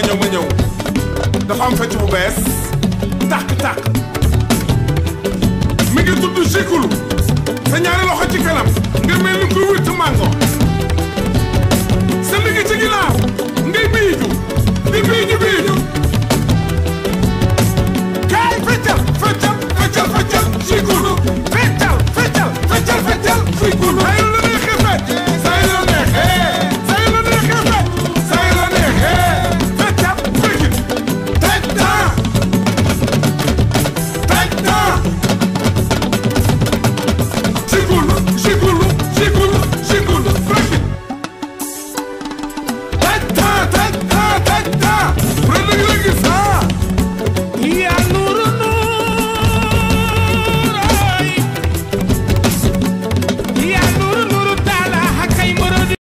ma ñëw ma ñëw dafa am fecc bu bees tàkk tàkk mi ngi tudd Sikulu sa ñaari loxo ci kanam nga mel